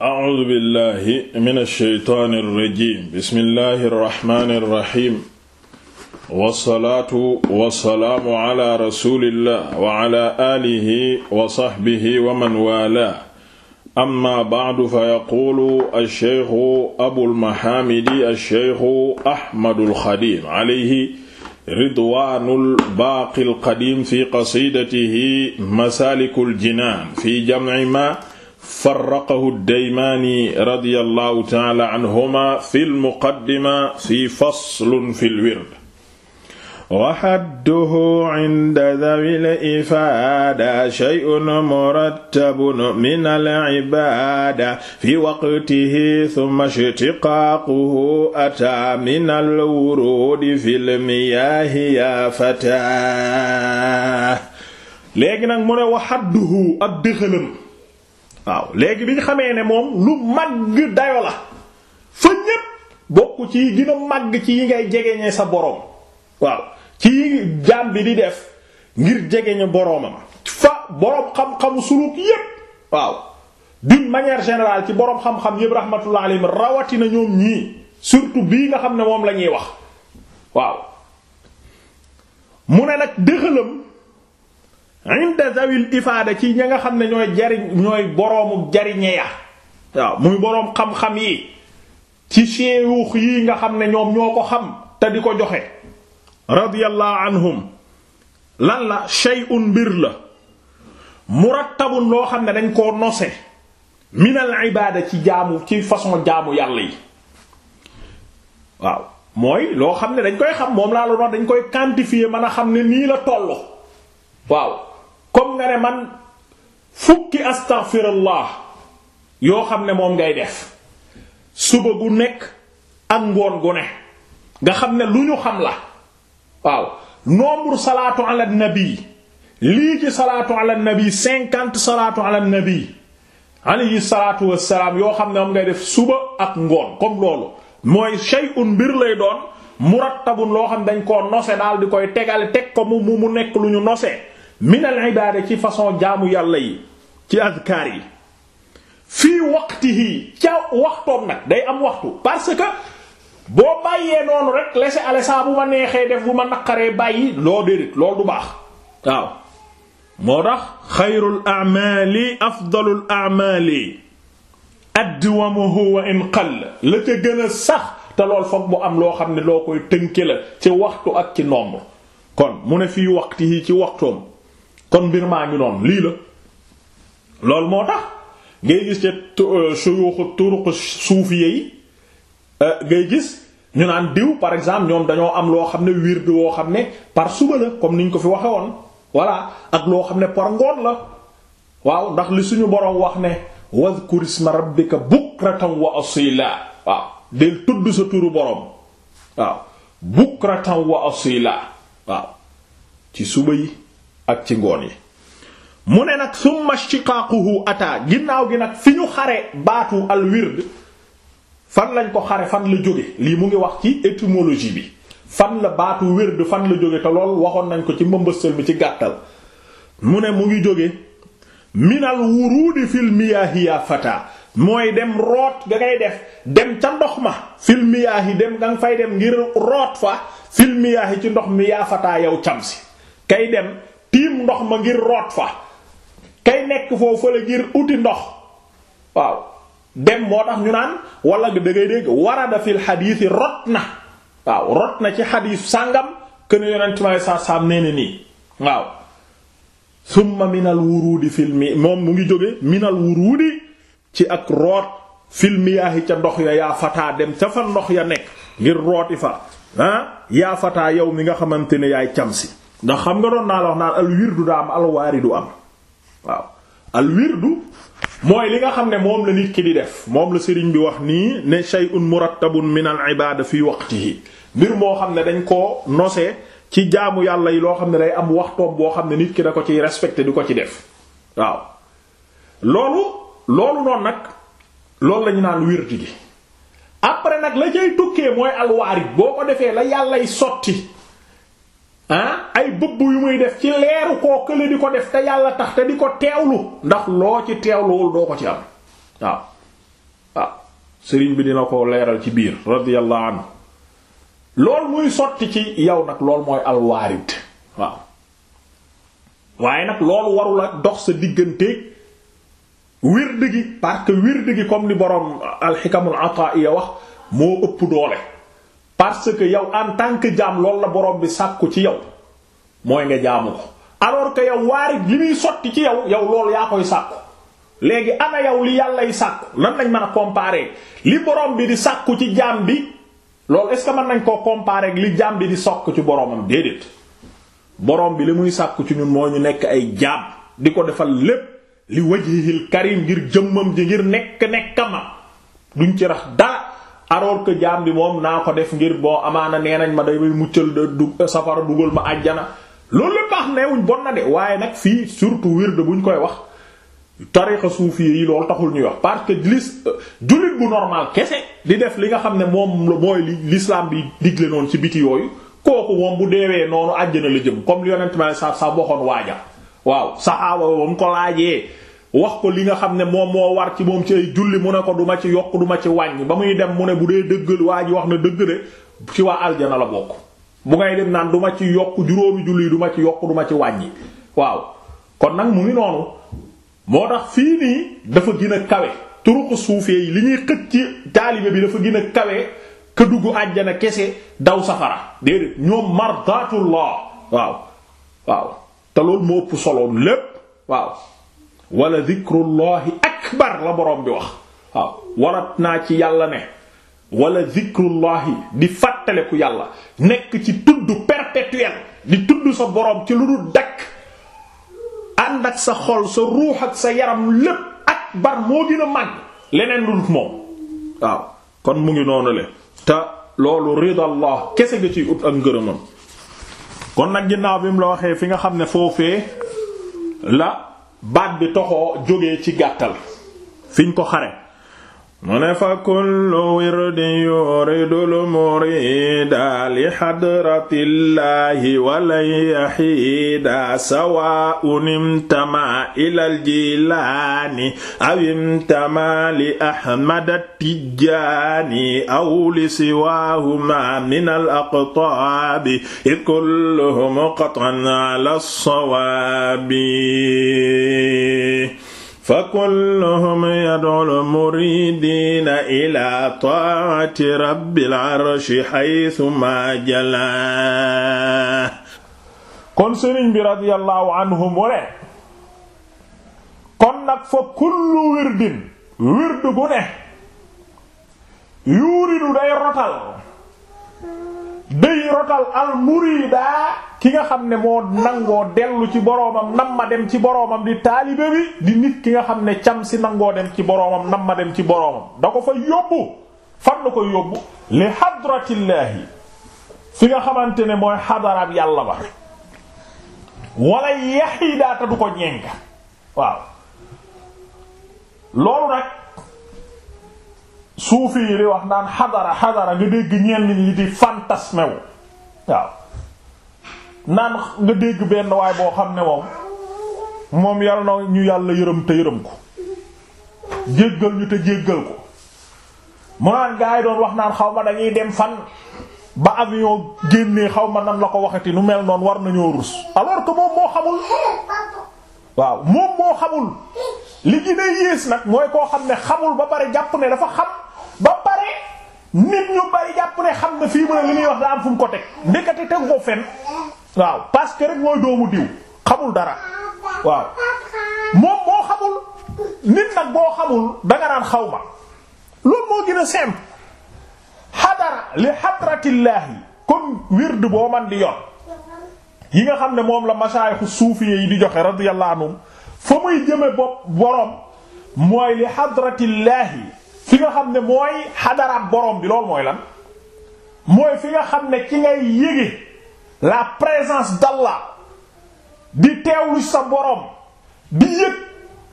A'uuzu billaahi mina shaytaani rajiim bismillaahi rahmaani rahiim. wasalaatu wasalaamu ala rasuulillah wa ala aalihi wa sahbihi wa man waalaahu. amma ba'du fa yaquulu ash-shaykhu abul mahaamidi ash-shaykhu Ahmadul Xadiim alayhi ridwaanul baaqil qadiim fi qasiidatihi masaalikul jinaan fi jam'i maa. farraqahu daymaani radiyallahu taala anhuma fi lmuqaddima fi faslun fi lwird wa hadduhu inda dhawil ifaada shay'un murattabun min al-ibaada fi waqtihi thumma ishtiqaaquhu ataa min al-wuruudi fi l-miyaahi yaa fataa léegi nag mu ne wa hadduhu ab dëxëlam waaw léegi bi ñu xamee ne moom lu màgg dayo la fa ñépp bokk ci gën a màgg ci yi ngay jegeñee sa boroom waaw ci jaam bi di def ngir jegeñe boroomam fa boroom xam-xamu suluk yépp waaw d'une manière générale ci boroom xam-xam yépp rahmatullah alayhim rawatina ñoom ñii surtout bii nga xam ne moom lañuy ñuy wax waaw mu ne nag dëxëlam inda zawil ifaada ci ña nga xam ne ñooy jariñ ñooy boroomu jariñe waaw muy boroom xam yi ci seewux yi nga xam ne ñoom ñoo ko xam te di ko joxe radiyallahu lan la shay'un mbir la murattabun loo xam ne dañ koo nose minal ibaada ci jaamu ci façon jaamu yàlla yi waaw mooy loo xam ne dañ koy xam moom laa la dañ koy quantifier mën a xam ne nii la tollu waaw comme nga ne man fukki astaghfirullah yoo xam ne moom ngay def suba gu nekk ak ngoon gu ne nga xam ne lu ñu xam la waaw nombre salaatu ala nabi lii ci salaatu ala nabi cinquante salaatu ala nabi alayhi salaatu wassalaam yoo xam ne moom ngay def suba ak ngoon comme loolu mooy shay'un mbir lay doon murattabun loo xam dañ koo nose daal di koy tegale teg ko mu mu nekk lu ñu nose minal ibaada ci façon jaamu yàlla yi ci azkaar yi fii waqtihi ca waxtoom nag day am waxtu parce que boo bàyyee noonu rek laisser aller saa bu ma neexee def bu ma naqaree bàyyi loo déedéet loolu du baax waaw moo tax xayrul a'maali afdalul a'maali adwamuhu wa in qall la ca gën a sax te lool foog bu am loo xam ne loo koy tënke la ci waxtu ak ci nombre kon mu ne fii waqtihi ci waxtoom kon mbir maa ngi noonu lii la loolu moo tax ngay gis ca euh, suyuxu turuq suufiyé yi euh, ngay gis ñu naan diw par exemple ñoom dañoo am loo xam ne wird woo xam ne par suba la comme niñ ko fi waxe woon voilà ak loo xam ne par ngoon la waaw ndax li suñu boroom wax ne wadhkur isma rabbika bukratan wa asila waaw del tudd sa turu boroom waaw bukratan wa asila waaw ci suba yi ak ci ngoon yi mu ne nag summa ishtiqaaquhu ata ginnaaw gi nag fi ñu xare baatu al wird fan lañ ko xare fan la jóge lii mu ngi wax ci étymologie bi fan la baatu wird fan la jóge te lool waxoon nañ ko ci mbëmbëstal bi ci gàttal mu ne mu ngi jóge minal wuruudi fil miyaahiya fata mooy dem root nga ngay def dem ca ndox ma fil miyaahi dem nga fay dem ngir root fa fil miyaahi ci ndox mi yaa fataa yow cam si kay dem tiim ndox ma ngir root fa kay nekk foofu la ngir uti ndox waaw dem moo tax ñu naan wala da ngay dégg fil xadiis rot na waaw rot na ci xadiis sàngam kën yonent ma saa saam nee nii waaw summa minal wuruudi fil moom mu ngi jóge minal wuruudi ci ak root fil miyaahi ca ndox ya yaa fataa dem ca fa ndox ya nekk ngir rooti fa ah yaa yow mi nga xamante ne yaay camsi ndax xam nga doon naa la wax naa al wirdu daa am alwaaridu am waaw al wirdu mooy li nga xam ne moom la nit ki di def moom la sëriñ bi wax nii ne shay'un murattabun min al ibada fi waqtihi mbir moo xam ne dañ koo nose ci jaamu yàlla yi loo xam ne day am wax waxtoom boo xam ne nit ki da ko ciy respecté du ko ci def waaw loolu loolu noonu nag loolu la naan wirdu gi après nag la cay tukkee mooy alwaarid boo ko defee la yàllay sotti ay bëbb yu muy def ci leeru koo kële di ko def te yàlla tax te di ko teewlu ndax loo ci teewluwul doo ko ci am waaw waaw sëriñ bi dina ko leeral ci biir radiyallahu anhu lool muy sotti ci yow nag lool mooy alwaarid waaw waaye nag loolu warula dox sa diggante wird gi parce que wird gi comme ni boroom alxikamul ataaiya wax moo ëpp doole parce que yow en tant que jaam loolu la boroom bi sàkku ci yow mooy nga jaamu ko alors que yow waarit li muy sotti ci yow yow loolu yaa koy sàkku léegi ana yow li yàlla yi sàkku lan lañ man a comparer li borom bi di sàkku ci jaam bi loolu est nañ koo comparer ak li jaam bi di sokk ci boromam déedéet borom bi li muy sàkku ci ñun moo ñu nekk ay jaam di ko defal lépp li wajhihil karim ngir jëmmam ji ngir nekk nekkama duñ ci rax alors que jaam bi moom naa ko def ngir boo amaana nee nañ ma day may muccal da du safara dugal ma àjjana loolu la baax neewuñ bon na de waaye nag fii surtout wirde ñu koy wax tariqa suuf yi loolu taxul ñuy wax parce que lis jullit bu normal kese di def li nga xam ne moom mooy li lislaam bi digle noonu ci biti yooyu kooku moom bu deewee noonu àjjana la jëm comme li yonent ma sa sa waxoon waaja waaw saxaaba ba mu ko laajee wax ko li nga xam ne moom moo war ci moom ci ay julli mu ne ko duma ci yokk duma ci wàññi ba muy dem mu ne bu dee dëggal waa ji wax na dëgg de ci waa aljana la bokk mu ngay dem naan du ci yokk juróomi julli du ma ci yokk duma ci wàññi waaw kon nag mu ngi noonu moo tax fii nii dafa gën a kawe turuq suufee yi li ñuy xëcc ci bi dafa gin a kawe ka dugg àjjana kese daw safara déedéet ñoom mardatullah waaw waaw te loolu moo ëpp solo lépp waaw wala dikrullahi akbar la borom bi wax waaw warat naa ci yàlla ne wala dikrullahi di fàttaleku yàlla nekk ci tudd perpétuel di tudd sa borom ci lu dul dakk ànd ak sa xol sa ruux ak sa yaram lépp akbar moo gën a leneen lu dul moom waaw kon mu ngi noonu le te loolu ridallah kese ga ciy ut ak ngërëmam kon nag ginnaaw bi mu la waxee fi nga xam ne foofee la baat bi toxoo jógee ci gàttal fiñ ko xare mu ne fa kullu wirdi yuridul murida li xadratillaahi walay yaxiida sawaa'un imtama ilal jilaani aw imtama li ahmada tijjaani aw li siwaahuma min al aqtaabi id kulluhum qatan ala sawaabi fa kulluhum yad'u muridiina ila ta'ati rabbil arshi haythu ma jala kon sëriñ bi radiyallahu anhum wone kon nag fa kullu wirdin wird gu ne yuuridu day rotal ñuy rotal al ki nga xam ne moo nangoo dellu ci boroomam nam ma dem ci boroomam di taalibe bi di nit ki nga xam ne cam si nangoo dem ci boroomam nam ma dem ci boroomam da ko fa yóbbu fan la ko yóbbu li hadratillaahi fi nga xamante ne mooy xadarab yàlla ba wala yaxiidaata du ko ñenk waaw loolu nag suufi yi di wax naan xadara xadara nga dégg ñenn ñi di fantasmewu waaw naan nga dégg benn waay boo xam ne moom moom yal na ñu yàlla yërëm te yërëm ko jéggal ñu te jéggal ko mu naan gaa yi doon wax naan xaw ma dañuy dem fan ba avion génnee xaw ma nan la ko waxati nu mel noon war nañoo rus alors que moom moo xamul waaw moom moo xamul li gën yées nag mooy koo xam ne xamul ba pare jàpp ne dafa xam nit ñu bari jàpp ne xam na fii mu ne li muy wax daa am fu ko teg ndekete teg ko fen waaw parce que rek mooy doomu diw xamul dara waaw moom moo xamul nit nag boo xamul danga naan xaw ma loolu moo gën a simple xadara li xadratillaahi comme wird boo man di yor yi nga xam ne moom la masayixu suufiye yi di joxe radiyallahu anhum fa muy jëme bopp boroom mooy li xadratillaahi fi nga xam ne mooy xadaraat borom bi loolu mooy lan mooy fi nga xam ne ci ngay yége la présence d'Allah di teewlu sa borom di yëg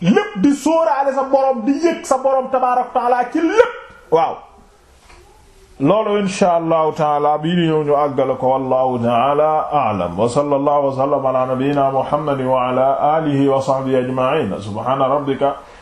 lépp di sóoraale sa borom di yëg sa borom tabaaraka taala ci lépp waaw loolu insha allahu taala bii di ñëw ñu àggale ko wallahu taala a'lam wa sallallahu wa sallama ala nabiyyina muhammadin wa ala alihi wa sahbihi ajma'in subhana rabbika